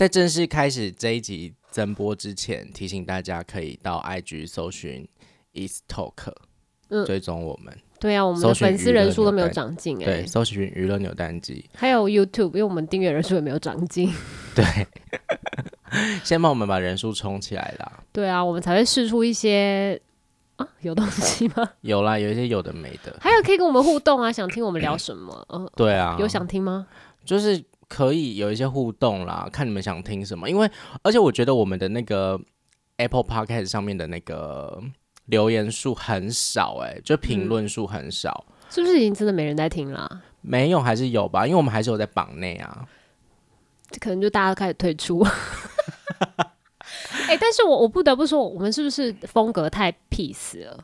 在正式開始這一集增播之前，提醒大家可以到 IG 搜尋 East Talk，嗯，追蹤我們。對啊，我們的粉絲人數都沒有長進哎。對，搜尋娛樂扭蛋機、嗯，還有 YouTube，因為我們訂閱人數也沒有長進。對， 先幫我們把人數衝起來啦。對啊，我們才會釋出一些啊，有東西嗎？有啦，有一些有的沒的。還有可以跟我們互動啊， 想聽我們聊什麼？嗯、啊，對啊，有想聽嗎？就是。可以有一些互動啦，看你們想聽什麼？因為而且我覺得我們的那個 Apple Podcast 上面的那個留言數很少，欸，哎，就評論數很少，嗯，是不是已經真的沒人在聽了？啊，沒有還是有吧，因為我們還是有在榜內啊。這可能就大家都開始退出。哎， 欸，但是我我不得不說，我們是不是風格太 peace 了？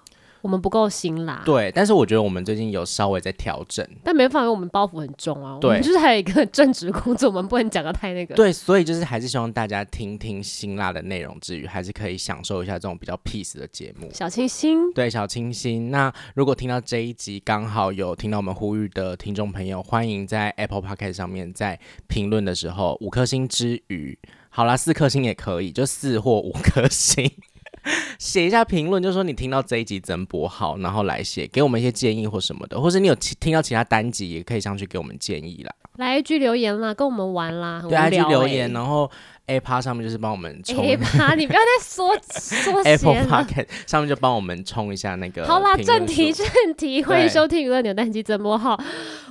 我們不夠辛辣，對，但是我覺得我們最近有稍微在調整，但沒辦法因為我們包袱很重啊。對我們就是還有一個正職工作，我們不能講得太那個。對，所以就是還是希望大家聽聽辛辣的內容之餘，還是可以享受一下這種比較 peace 的節目，小清新。對，小清新。那如果聽到這一集剛好有聽到我們呼籲的聽眾朋友，歡迎在 Apple Podcast 上面在評論的時候五顆星之餘，好啦，四顆星也可以，就四或五顆星。寫一下評論，就說你聽到這一集增播好，然後來寫給我們一些建議或什麼的，或是你有聽到其他單集，也可以上去給我們建議啦。來 IG 留言啦，跟我們玩啦。欸、對，來 IG 留言，然後。App 上面就是幫我們衝 App 你不要再說說閒了 Apple Podcast 上面就幫我們衝一下那個。好啦，正題正題，歡迎收聽娛樂扭蛋機增播號。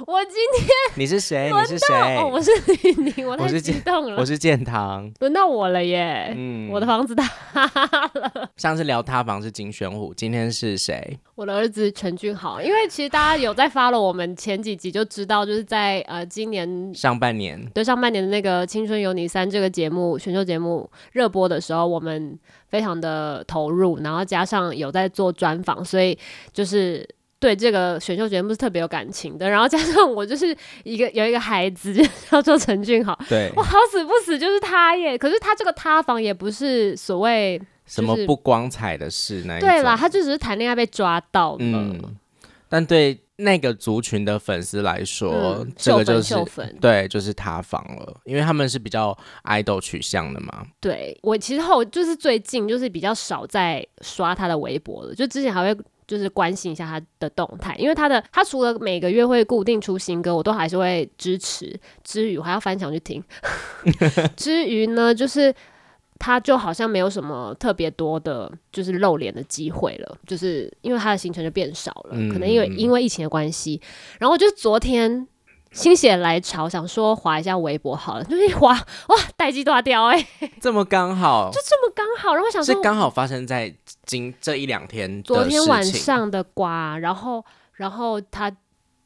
我今天你是誰？你是誰？哦，我是呂寧，我太激動了。我是建棠，輪到我了耶！嗯，我的房子塌了。上次聊塌房是金宣虎，今天是誰？我的兒子陳俊豪，因為其實大家有在 follow 我們前幾集，就知道就是在呃今年上半年對上半年的那個《青春有你三》這個節目。選秀節目熱播的時候，我們非常的投入，然後加上有在做專訪，所以就是對這個選秀節目是特別有感情的。然後加上我就是一個有一個孩子 叫做陳俊豪，對，哇，好死不死就是他耶！可是他這個塌房也不是所謂、就是、什麼不光彩的事那一種，對啦，他就只是談戀愛被抓到。嗯，但對。那個族群的粉絲來說，嗯、這個就是秀粉秀粉。對，就是塌房了，因為他們是比較愛豆取向的嘛。對，我其實後就是最近就是比較少在刷他的微博了，就之前還會就是關心一下他的動態，因為他的他除了每個月會固定出新歌，我都還是會支持。之餘我還要翻牆去聽， 之餘呢就是。他就好像沒有什麼特別多的，就是露臉的機會了，就是因為他的行程就變少了，嗯、可能因為因為疫情的關係。嗯、然後就是昨天心血來潮，嗯、想說劃一下微博好了，就是劃哇，待機斷掉哎、欸，這麼剛好，就這麼剛好。然後想說這剛好發生在今這一兩天，昨天晚上的瓜，然後然後他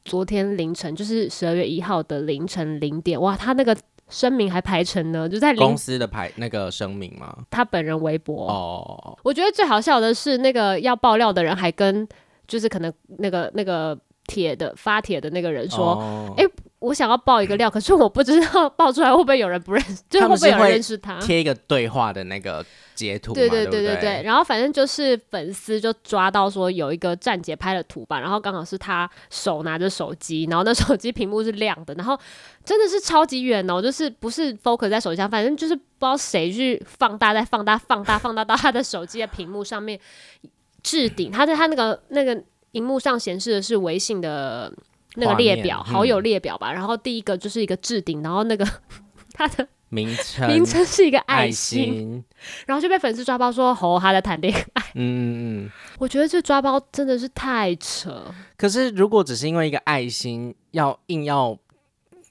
昨天凌晨，就是十二月一號的凌晨零點，哇，他那個。聲明還排成呢，就在公司的排那個聲明嘛。他本人微博哦，oh. 我覺得最好笑的是那個要爆料的人還跟就是可能那個那個帖的發帖的那個人說，誒、oh. 欸。我想要爆一個料，可是我不知道爆出來會不會有人不認識，他們 就會不會有人認識他？貼一個對話的那個截圖，對對對對對。對對。然後反正就是粉絲就抓到說有一個站姐拍了圖吧，然後剛好是他手拿着手機，然後那手機屏幕是亮的，然後真的是超級遠哦、喔，就是不是 focus 在手機上，反正就是不知道誰去放大、再放大、放大、放大到他的手機的屏幕上面置頂，他在他那個那個熒幕上顯示的是微信的。那個列表，嗯、好友列表吧，然後第一個就是一個置頂，然後那個他的名稱名稱是一個愛心，愛心然後就被粉絲抓包說哦，他在談戀愛，嗯嗯我覺得這抓包真的是太扯。可是如果只是因為一個愛心，要硬要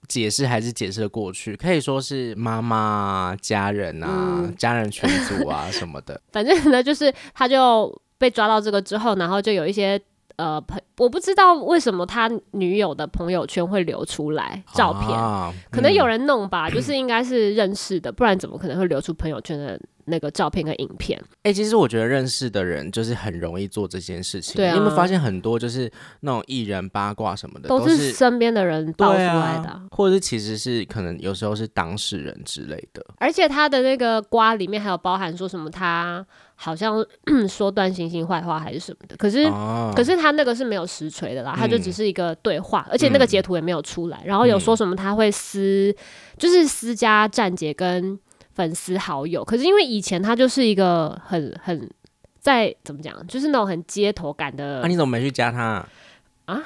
解釋還是解釋得過去，可以說是媽媽啊、家人吶、啊、嗯、家人群組啊什麼的。反正呢，就是他就被抓到這個之後，然後就有一些。呃，朋，我不知道為什麼他女友的朋友圈會流出來照片，啊、可能有人弄吧，嗯、就是應該是認識的， 不然怎麼可能會流出朋友圈的。那個照片跟影片。哎、欸，其實我覺得認識的人就是很容易做這件事情。對、啊，你有沒有發現很多就是那種藝人八卦什麼的都，都是身邊的人爆出來的，啊、或者是其實是可能有時候是當事人之類的。而且他的那個瓜裡面還有包含說什麼他好像 說段星星壞話，還是什麼的，可是、啊、可是他那個是沒有實錘的啦，他、嗯、就只是一個對話，而且那個截圖也沒有出來。嗯、然後有說什麼他會私就是私加站姐跟粉絲好友，可是因為以前他就是一個很很在怎麼講，就是那種很街頭感的。那、啊、你怎麼沒去加他啊？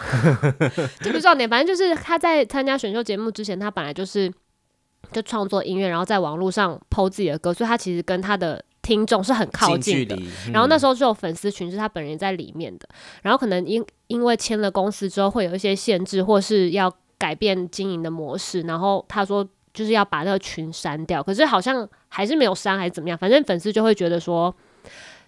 這不、啊、 重點，反正就是他在參加選秀節目之前，他本來就是就創作音樂，然後在網絡上 PO 自己的歌，所以他其實跟他的聽眾是很靠近的。近嗯、然後那時候就有粉絲群，是他本人在裡面的。然後可能因因為簽了公司之後，會有一些限制，或是要改變經營的模式。然後他說。就是要把那個群刪掉，可是好像還是沒有刪，還是怎麼樣？反正粉絲就會覺得說，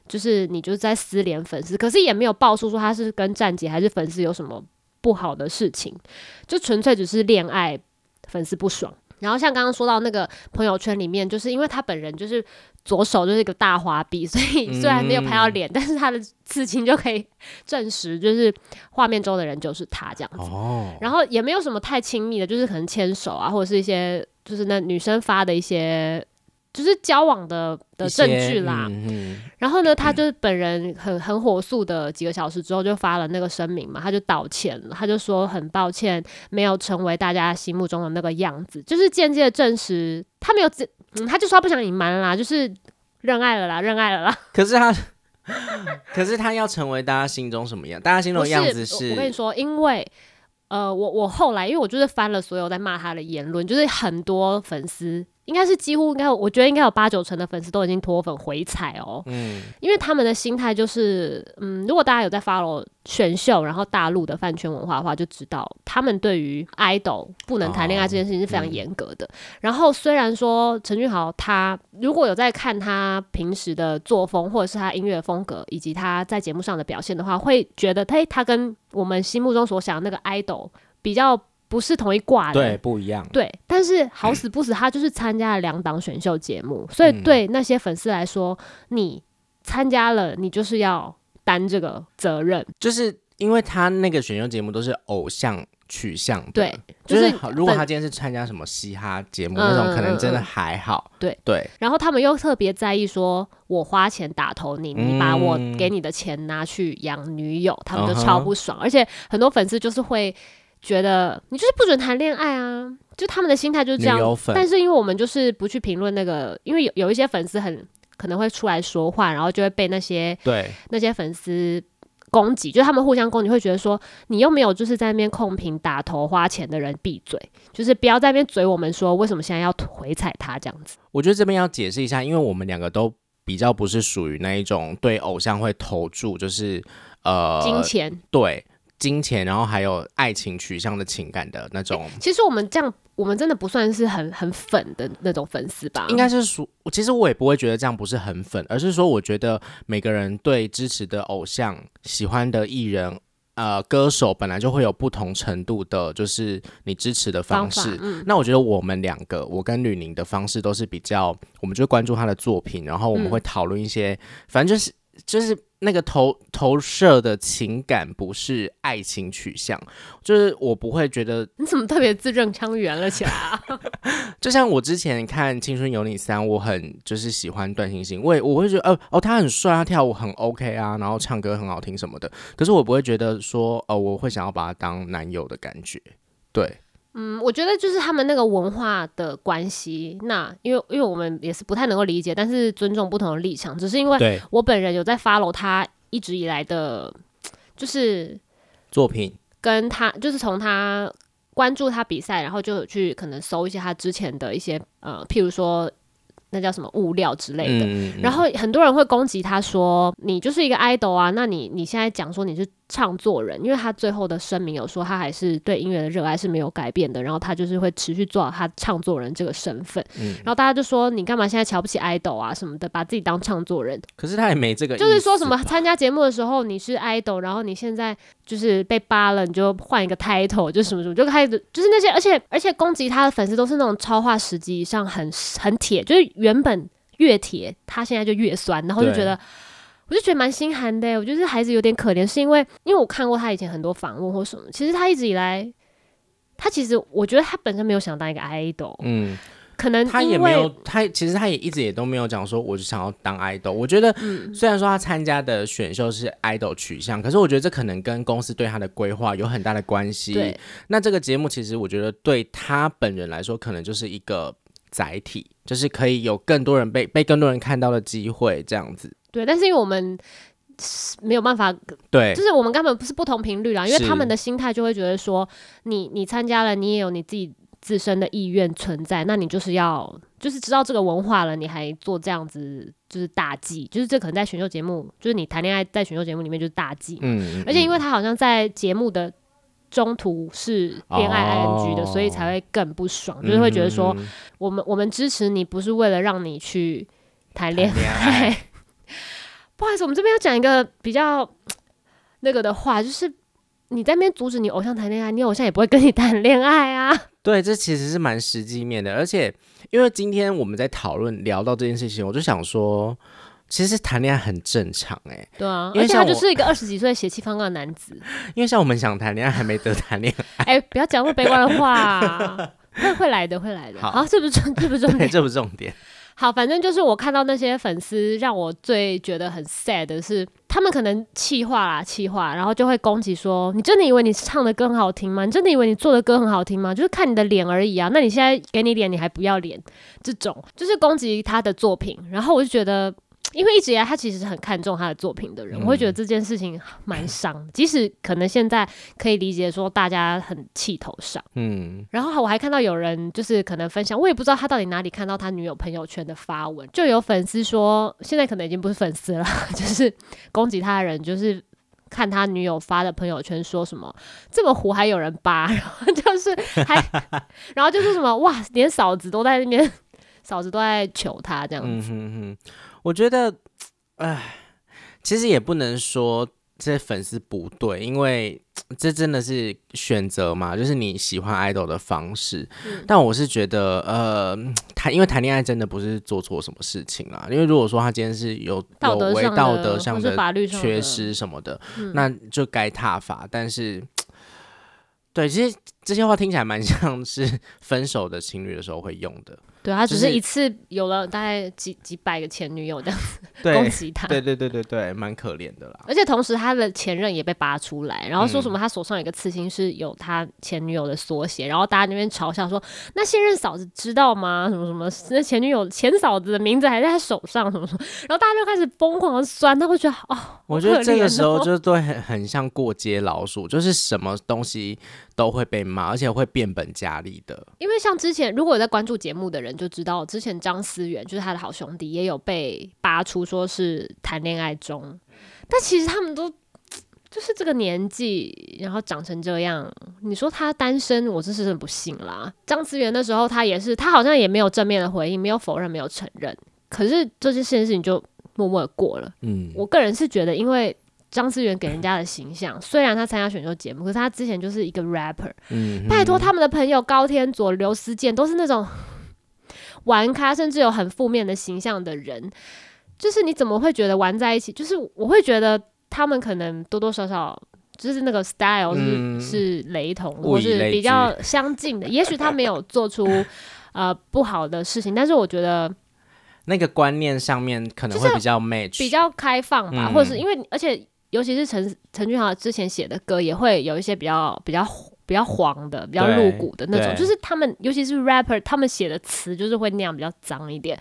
就是你就是在私聯粉絲，可是也沒有爆出說他是跟站姐還是粉絲有什麼不好的事情，就純粹只是戀愛粉絲不爽。然後像剛剛說到那個朋友圈裡面，就是因為他本人就是左手就是一個大花臂，所以雖然沒有拍到臉，嗯、但是他的刺青就可以證實，就是畫面中的人就是他這樣子。哦、然後也沒有什麼太親密的，就是可能牽手啊，或者是一些。就是那女生發的一些，就是交往的的證據啦。嗯嗯、然後呢，他就是本人很很火速的幾個小時之後就發了那個聲明嘛，他就道歉，他就說很抱歉沒有成為大家心目中的那個樣子，就是間接證實他沒有，嗯，他就說他不想隱瞞啦，就是認愛了啦，認愛了啦。可是他， 可是他要成為大家心中什麼樣？大家心中的樣子是，是？我跟你說，因為。呃，我我後來，因為我就是翻了所有在罵他的言論，就是很多粉絲。應該是幾乎應該，我覺得應該有八九成的粉絲都已經脫粉回踩哦。嗯，因為他們的心態就是，嗯，如果大家有在 follow 選秀，然後大陸的飯圈文化的話，就知道他們對於 idol 不能談戀愛這件事情是非常嚴格的。哦，嗯，然後雖然說陳俊豪他，如果有在看他平時的作風，或者是他音樂風格，以及他在節目上的表現的話，會覺得，哎，他跟我們心目中所想的那個 idol 比較。不是同一掛的，對，不一樣。對，但是好死不死，他就是參加了兩檔選秀節目，嗯、所以對那些粉絲來說，你參加了，你就是要擔這個責任。就是因為他那個選秀節目都是偶像取向，對，就是、就是如果他今天是參加什麼嘻哈節目、嗯、那種，可能真的還好。對對。對然後他們又特別在意，說我花錢打投，你你把我給你的錢拿去養女友，嗯、他們就超不爽。Uh huh、而且很多粉絲就是會。覺得你就是不准談戀愛啊！就他們的心態就是這樣。但是因為我們就是不去評論那個，因為有有一些粉絲很可能會出來說話，然後就會被那些對那些粉絲攻擊，就他們互相攻擊，會覺得說你又沒有就是在那邊控評打投花錢的人閉嘴，就是不要在那邊嘴我們說為什麼現在要回踩他這樣子。我覺得這邊要解釋一下，因為我們兩個都比較不是屬於那一種對偶像會投注，就是呃金錢對。金錢，然後還有愛情取向的情感的那種。其實我們這樣，我們真的不算是很很粉的那種粉絲吧？應該是屬，其實我也不會覺得這樣不是很粉，而是說我覺得每個人對支持的偶像、喜歡的藝人、呃歌手，本來就會有不同程度的，就是你支持的方式。那我覺得我們兩個，我跟呂寧的方式都是比較，我們就關注他的作品，然後我們會討論一些，反正就是就是。那個投投射的情感不是愛情取向，就是我不會覺得你怎麼特別字正腔圓了起來啊！ 就像我之前看《青春有你三》，我很就是喜歡段星星，我也我會覺得哦哦他很帥，他跳舞很 OK 啊，然後唱歌很好聽什麼的，可是我不會覺得說呃、哦、我會想要把他當男友的感覺，對。嗯，我覺得就是他們那個文化的關係，那因為因為我們也是不太能夠理解，但是尊重不同的立場，只是因為我本人有在 follow 他一直以來的，就是作品，跟他就是從他關注他比賽，然後就去可能搜一些他之前的一些呃，譬如說那叫什麼物料之類的，嗯嗯，然後很多人會攻擊他說你就是一個 idol 啊，那你你現在講說你是。唱作人，因為他最後的聲明有說，他還是對音樂的熱愛是沒有改變的。然後他就是會持續做好他唱作人這個身份。嗯，然後大家就說你幹嘛現在瞧不起愛豆啊什麼的，把自己當唱作人。可是他也沒這個意思，就是說什麼參加節目的時候你是愛豆，然後你現在就是被扒了，你就換一個 title 就什麼什麼，就開始就是那些，而且而且攻擊他的粉絲都是那種超話十級以上很，很很鐵，就是原本越鐵，他現在就越酸，然後就覺得。我就覺得蠻心寒的。我覺得這孩子有點可憐，是因為因為我看過他以前很多訪問或什麼。其實他一直以來，他其實我覺得他本身沒有想當一個 idol。嗯，可能他也沒有，他其實他也一直也都沒有講說，我就想要當 idol。我覺得雖然說他參加的選秀是 idol 取向，嗯。可是我覺得這可能跟公司對他的規劃有很大的關係。對，那這個節目其實我覺得對他本人來說，可能就是一個載體，就是可以有更多人被被更多人看到的機會，這樣子。對，但是因為我們沒有辦法，對，就是我們根本不是不同頻率啦。是因為他們的心態就會覺得說，你你參加了，你也有你自己自身的意願存在，那你就是要就是知道這個文化了，你還做這樣子就是大忌，就是這可能在選秀節目，就是你談戀愛在選秀節目裡面就是大忌。嗯嗯、而且因為他好像在節目的中途是戀愛 ING 的，哦、所以才會更不爽，嗯、就是會覺得說，嗯嗯、我們我們支持你不是為了讓你去談戀愛。不好意思，我們這邊要講一個比較那個的話，就是你在那邊阻止你偶像談戀愛，你偶像也不會跟你談戀愛啊。對，這其實是蠻實際面的。而且因為今天我們在討論聊到這件事情，我就想說，其實談戀愛很正常哎。對啊，因為像他就是一個二十幾歲的血氣方剛的男子。因為像我們想談戀愛，還沒得談戀愛。哎、 欸，不要講那麼悲觀的話，啊，會 會來的，會來的。好，好，這不是重，這不是重點，這不是重點。好，反正就是我看到那些粉絲，讓我最覺得很 sad 的是，他們可能氣話啦，氣話，然後就會攻擊說，你真的以為你唱的歌很好聽嗎？你真的以為你做的歌很好聽嗎？就是看你的臉而已啊！那你現在給你臉，你還不要臉？這種就是攻擊他的作品，然後我就覺得。因為一直以來，他其實是很看重他的作品的人，我會覺得這件事情蠻傷。嗯、即使可能現在可以理解說大家很氣頭上，嗯。然後我還看到有人就是可能分享，我也不知道他到底哪裡看到他女友朋友圈的發文，就有粉絲說，現在可能已經不是粉絲了，就是攻擊他的人，就是看他女友發的朋友圈說什麼這麼糊還有人扒，然後就是還， 然後就是什麼哇，連嫂子都在那邊，嫂子都在求他這樣子。嗯哼哼我覺得，哎，其實也不能說這些粉絲不對，因為這真的是選擇嘛，就是你喜歡 idol 的方式。嗯、但我是覺得，呃，談因為談戀愛真的不是做錯什麼事情啊，因為如果說他今天是有道德有違，道德上的缺失什麼的，的那就該撻伐，但是，嗯、對，其實這些話聽起來蠻像是分手的情侶的時候會用的。對、啊，他、就是、只是一次有了大概幾幾百個前女友這樣子，對，攻擊他。對對對對對，蠻可憐的啦。而且同時他的前任也被扒出來，然後說，說什麼他手上有一個刺青是有他前女友的縮寫，嗯、然後大家那邊嘲笑說那現任嫂子知道嗎？什麼什麼那前女友前嫂子的名字還在他手上什麼什麼，然後大家就開始瘋狂的酸，他會覺得哦，喔、我覺得這個時候就對，很很像過街老鼠，就是什麼東西都會被罵，而且會變本加厲的。因為像之前如果有在關注節目的人。就知道之前張思源就是他的好兄弟，也有被扒出說是談戀愛中，但其實他們都就是這個年紀，然後長成這樣，你說他單身，我真是不信啦。張思源那時候他也是，他好像也沒有正面的回應，沒有否認，沒有承認，可是這件事情就默默的過了。嗯，我個人是覺得，因為張思源給人家的形象，雖然他參加選秀節目，可是他之前就是一個 rapper。嗯。嗯，拜託他們的朋友高天佐、劉思健都是那種，玩咖甚至有很負面的形象的人，就是你怎麼會覺得玩在一起？就是我會覺得他們可能多多少少就是那個 style 是、嗯、是雷同，或是比較相近的。也許他沒有做出 呃，不好的事情，但是我覺得那個觀念上面可能會比較 match，比較開放吧，嗯、或者是因為而且尤其是陳陳俊豪之前寫的歌也會有一些比較比較。比較黃的、比較露骨的那種，就是他們，尤其是 rapper，他們寫的詞就是會那樣比較髒一點。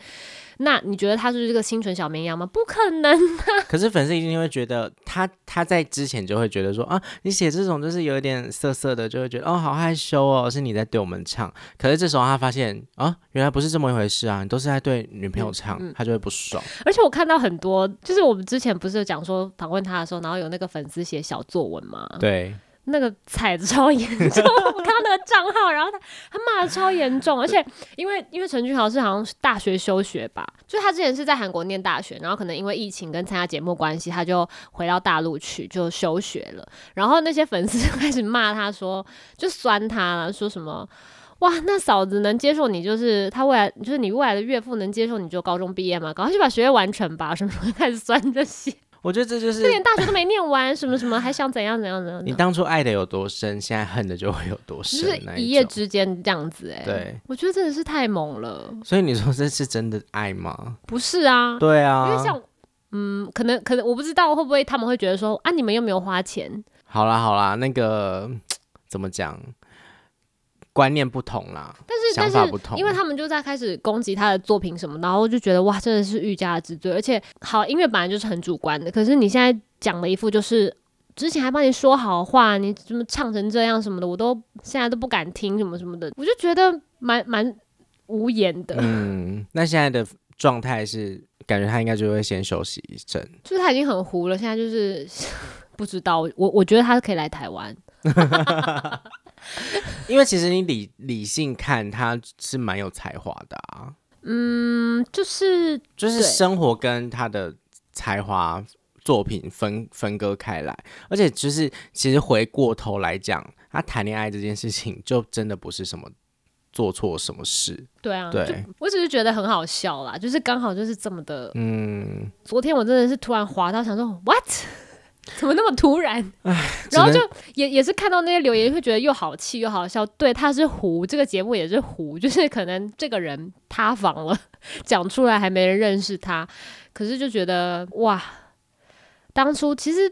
那你覺得他是這個清純小綿羊嗎？不可能啊！可是粉絲一定會覺得他，他在之前就會覺得說啊，你寫這種就是有一點色色的，就會覺得哦，好害羞哦，是你在對我們唱。可是這時候他發現啊，原來不是這麼一回事啊，你都是在對女朋友唱，嗯嗯、他就會不爽。而且我看到很多，就是我們之前不是有講說訪問他的時候，然後有那個粉絲寫小作文嘛？對。那個踩的超嚴重，我看到那個賬號，然後他他罵的超嚴重，而且因為因為陳俊豪是好像大學休學吧，就他之前是在韓國念大學，然後可能因為疫情跟參加節目關係，他就回到大陸去就休學了，然後那些粉絲就開始罵他說就酸他了，說什麼哇那嫂子能接受你就是他未來就是你未來的岳父能接受你就高中畢業嗎？趕快去把學業完成吧，什麼什麼開始酸這些。我覺得這就是連大學都沒念完， 什麼什麼還想怎樣怎樣的怎樣？你當初愛的有多深，現在恨的就會有多深，就是一夜之間這樣子哎。對，我覺得真的是太猛了。所以你說這是真的愛嗎？不是啊，對啊，因為像嗯，可能可能我不知道會不會他們會覺得說啊，你們又沒有花錢。好啦好啦，那個怎麼講？觀念不同啦，但是想法不同，因為他們就在開始攻擊他的作品什麼，然後就覺得哇，真的是欲加之罪。而且好音樂本來就是很主觀的，可是你現在講了一副就是之前還幫你說好話，你怎麼唱成這樣什麼的，我都現在都不敢聽什麼什麼的，我就覺得蠻蠻無言的。嗯，那現在的狀態是感覺他應該就會先休息一陣，就是他已經很糊了，現在就是不知道我我覺得他是可以來台灣。 因為其實你理理性看，他是蠻有才華的啊。嗯，就是就是生活跟他的才華作品分分割開來。而且就是其實回過頭來講，他談戀愛這件事情，就真的不是什麼做錯什麼事。對啊，對，我只是覺得很好笑啦，就是剛好就是這麼的。嗯，昨天我真的是突然滑到，想說 what？怎麼那麼突然？唉，然後就也也是看到那些留言，會覺得又好氣又好笑。對，他是糊，這個節目也是糊，就是可能這個人塌房了，講出來還沒人認識他，可是就覺得哇，當初其實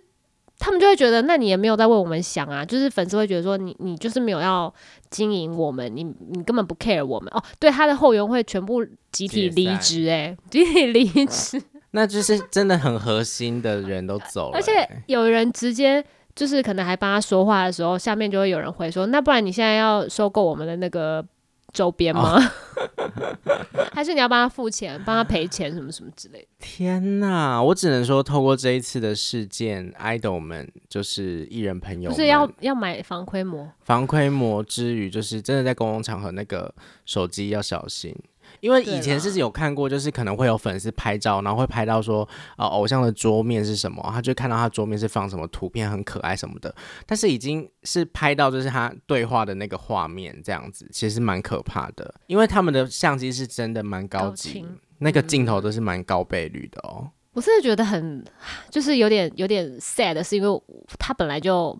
他們就會覺得，那你也沒有在為我們想啊，就是粉絲會覺得說你你就是沒有要經營我們，你你根本不 care 我們哦。對，他的後援會全部集體離職，欸，哎，Yes, that. 集體離職。嗯那就是真的很核心的人都走了、欸，而且有人直接就是可能還幫他說話的時候，下面就會有人回說：“那不然你現在要收購我們的那個周邊嗎？哦、 還是你要幫他付錢、幫他賠錢什麼什麼之類的？”天哪，我只能說透過這一次的事件愛豆們就是藝人朋友們，就是要要買防窺膜？防窺膜之餘，就是真的在公共場合那個手機要小心。因為以前是有看過，就是可能會有粉絲拍照，啦然後會拍到說啊、呃，偶像的桌面是什麼？他就看到他桌面是放什麼圖片，很可愛什麼的。但是已經是拍到就是他對話的那個畫面這樣子，其實蠻可怕的。因為他們的相機是真的蠻高級，高清那個鏡頭都是蠻高倍率的哦。嗯、我真的覺得很就是有點有點 sad，是因為他本來就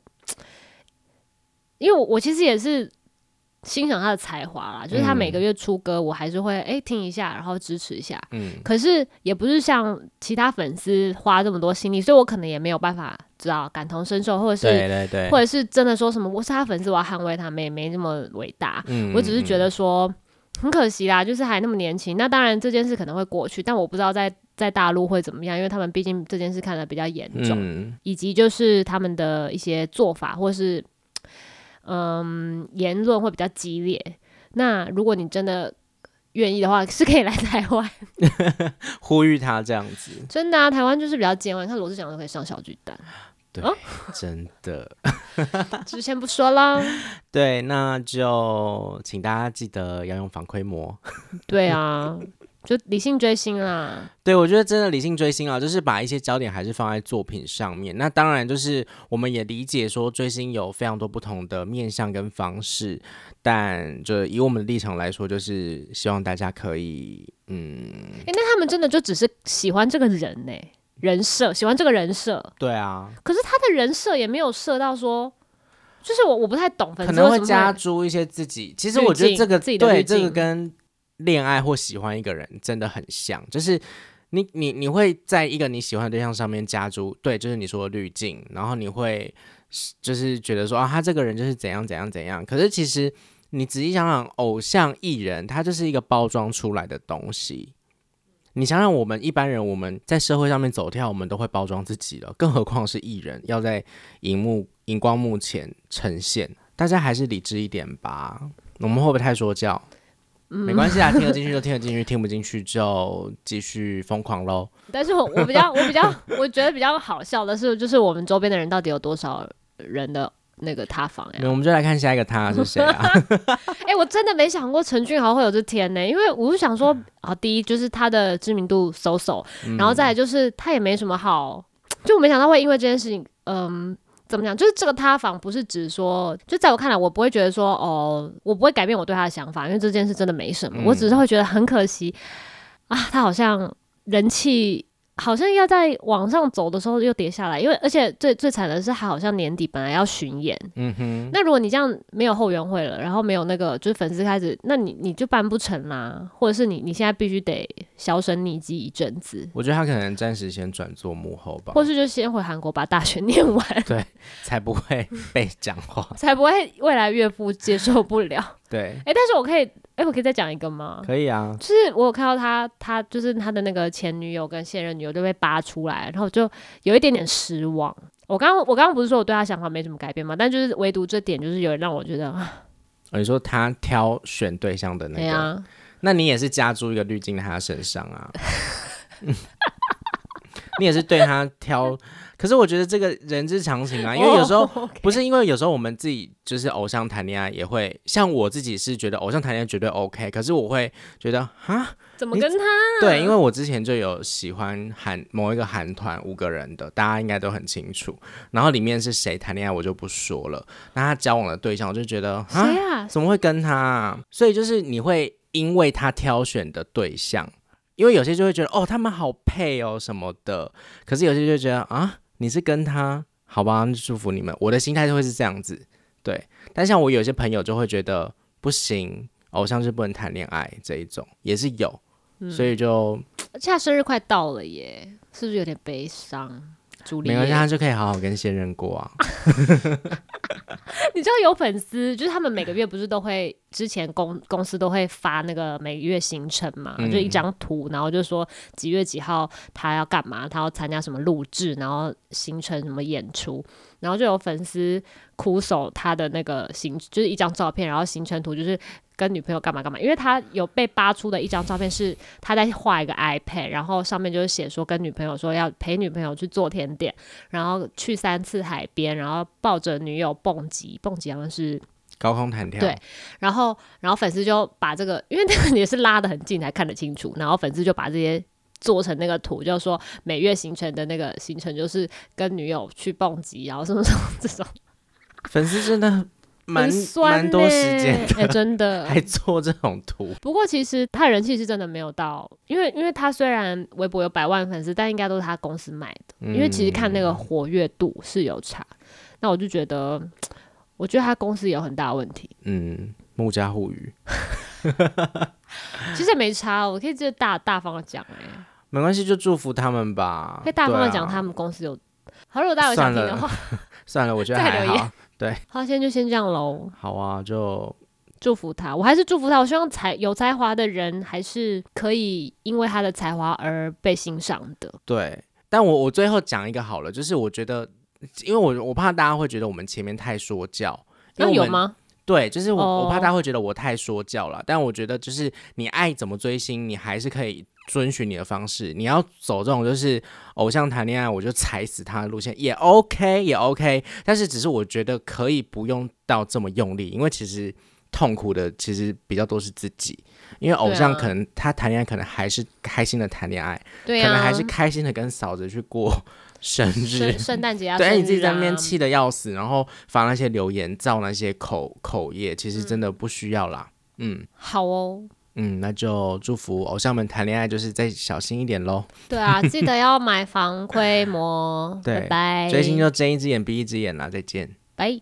因為我我其實也是。欣賞他的才華啦，就是他每個月出歌，嗯、我還是會哎、欸、聽一下，然後支持一下。嗯，可是也不是像其他粉絲花這麼多心力，所以我可能也沒有辦法知道感同身受，或者是對對對，或者是真的說什麼我是他粉絲，我要捍衛他，沒沒那麼偉大。嗯，我只是覺得說很可惜啦，就是還那麼年輕。那當然這件事可能會過去，但我不知道在在大陸會怎麼樣，因為他們畢竟這件事看得比較嚴重，嗯、以及就是他們的一些做法，或是。嗯，言論會比較激烈。那如果你真的願意的話，是可以來台灣 呼籲他這樣子。真的啊，台灣就是比較尖銳，看羅志祥都可以上小巨蛋。對，哦、真的。就 先不說啦。 對，那就請大家記得要用防窺膜。 對啊。就理性追星啦、啊，對我覺得真的理性追星啊，就是把一些焦點還是放在作品上面。那當然就是我們也理解說追星有非常多不同的面向跟方式，但就以我們的立場來說，就是希望大家可以嗯。哎、欸，那他們真的就只是喜歡這個人呢、欸？人設喜歡這個人設？對啊。可是他的人設也沒有設到說，就是我我不太懂，可能會加諸一些自己。其實我覺得這個自己對這個跟。戀愛或喜歡一個人真的很像，就是你你你會在一個你喜歡的對象上面加注，對，就是你說的濾鏡，然後你會就是覺得說啊，他這個人就是怎樣怎樣怎樣。可是其實你仔細想想，偶像藝人他就是一個包裝出來的東西。你想想我們一般人我們在社會上面走跳，我們都會包裝自己的，更何況是藝人要在熒幕熒光幕前呈現，大家還是理智一點吧。我們會不會太說教？沒關係啊，聽得進去就聽得進去，聽不進去就繼續瘋狂嘍。 但是我我比較我比較我覺得比較好笑的是，就是我們周邊的人到底有多少人的那個塌房哎、嗯，我們就來看下一個他是誰啊？哎、 欸，我真的沒想過陳俊豪會有這天呢，因為我是想說啊、嗯，第一就是他的知名度 so so，然後再來就是他也沒什麼好，就我沒想到會因為這件事情，嗯。怎麼講？就是這個塌房不是指說，就在我看來，我不會覺得說，哦，我不會改變我對他的想法，因為這件事真的沒什麼。嗯、我只是會覺得很可惜啊，他好像人氣好像要在往上走的時候又跌下來，因為而且最最慘的是他好像年底本來要巡演，嗯、哼那如果你這樣沒有後援會了，然後沒有那個就是粉絲開始，那你你就辦不成啦，或者是你你現在必須得。銷聲匿跡一陣子，我覺得他可能暫時先轉做幕後吧，或是就先回韓國把大學念完，對，才不會被講話、 嗯，才不會未來岳父接受不了。對，哎、欸，但是我可以，哎、欸，我可以再講一個嗎？可以啊，就是我有看到他，他就是他的那個前女友跟現任女友都被扒出來，然後就有一點點失望。我剛剛我剛剛不是說我對他想法沒什麼改變嘛，但就是唯獨這點，就是有人讓我覺得， 你說他挑選對象的那個對、啊。那你也是加注一個濾鏡在他身上啊， 你也是對他挑，可是我覺得這個人之常情啊，因為有時候、oh, okay. 不是因為有時候我們自己就是偶像談戀愛也會，像我自己是覺得偶像談戀愛絕對 OK，可是我會覺得啊，怎麼跟他、啊？對，因為我之前就有喜歡韓某一個韓團五個人的，大家應該都很清楚，然後裡面是誰談戀愛我就不說了，那他交往的對象我就覺得啊，誰啊？怎麼會跟他、啊？所以就是你會。因為他挑選的對象，因為有些就會覺得哦，他們好配哦什麼的，可是有些就會覺得啊，你是跟他好吧，祝福你們。我的心態就會是這樣子，對。但像我有些朋友就會覺得不行，偶像是不能談戀愛這一種也是有，嗯、所以就現在生日快到了耶，是不是有點悲傷？沒關係，他就可以好好跟現任過啊。 你知道有粉絲，就是他們每個月不是都會，之前公公司都會發那個每個月行程嘛，嗯、就一張圖，然後就說幾月幾號他要幹嘛，他要參加什麼錄製，然後行程什麼演出，然後就有粉絲苦守他的那個行，就是一張照片，然後行程圖就是。跟女朋友幹嘛幹嘛？因為他有被扒出的一張照片是他在畫一個 iPad，然後上面就寫說跟女朋友說要陪女朋友去做甜點，然後去三次海邊，然後抱着女友蹦極，蹦極好像是高空彈跳。對，然後然後粉絲就把這個，因為那個也是拉得很近才看得清楚，然後粉絲就把這些做成那個圖，就是說每月行程的那個行程就是跟女友去蹦極然後什麼什麼這種。粉絲真的。 蠻酸，蠻多時間哎，真的還做這種圖。不過其實他人氣是真的沒有到，因為因為他雖然微博有百萬粉絲，但應該都是他公司買的。因為其實看那個活躍度是有差，那我就覺得，我覺得他公司也有很大問題。嗯，木家互娛其實也沒差，我可以就大大方的講哎，沒關係，就祝福他們吧。可以大方的講，他們公司有，好，如果大家有想聽的話，算了，我覺得還好。對，好啊，先就先這樣嘍。好啊，就祝福他，我還是祝福他。我希望才有才華的人，還是可以因為他的才華而被欣賞的。對，但我我最後講一個好了，就是我覺得，因為我我怕大家會覺得我們前面太說教，因為我們，那有嗎？對，就是我、oh. 我怕大家會覺得我太說教了。但我覺得，就是你愛怎麼追星，你還是可以遵循你的方式，你要走這種就是偶像談戀愛，我就踩死他的路線也 OK，也 OK。但是只是我覺得可以不用到這麼用力，因為其實痛苦的其實比較多是自己，因為偶像可能他談戀愛可能還是開心的談戀愛，對、啊、可能還是開心的跟嫂子去過生日、聖誕節啊， 對，啊對，你自己在那邊氣得要死，然後發那些留言、造那些口口業，其實真的不需要啦。嗯，嗯好哦。嗯，那就祝福偶像們談戀愛，就是再小心一點嘍。對啊，記得要買防窺膜。 對，拜拜。最近就睜一隻眼閉一隻眼啦，再見，拜。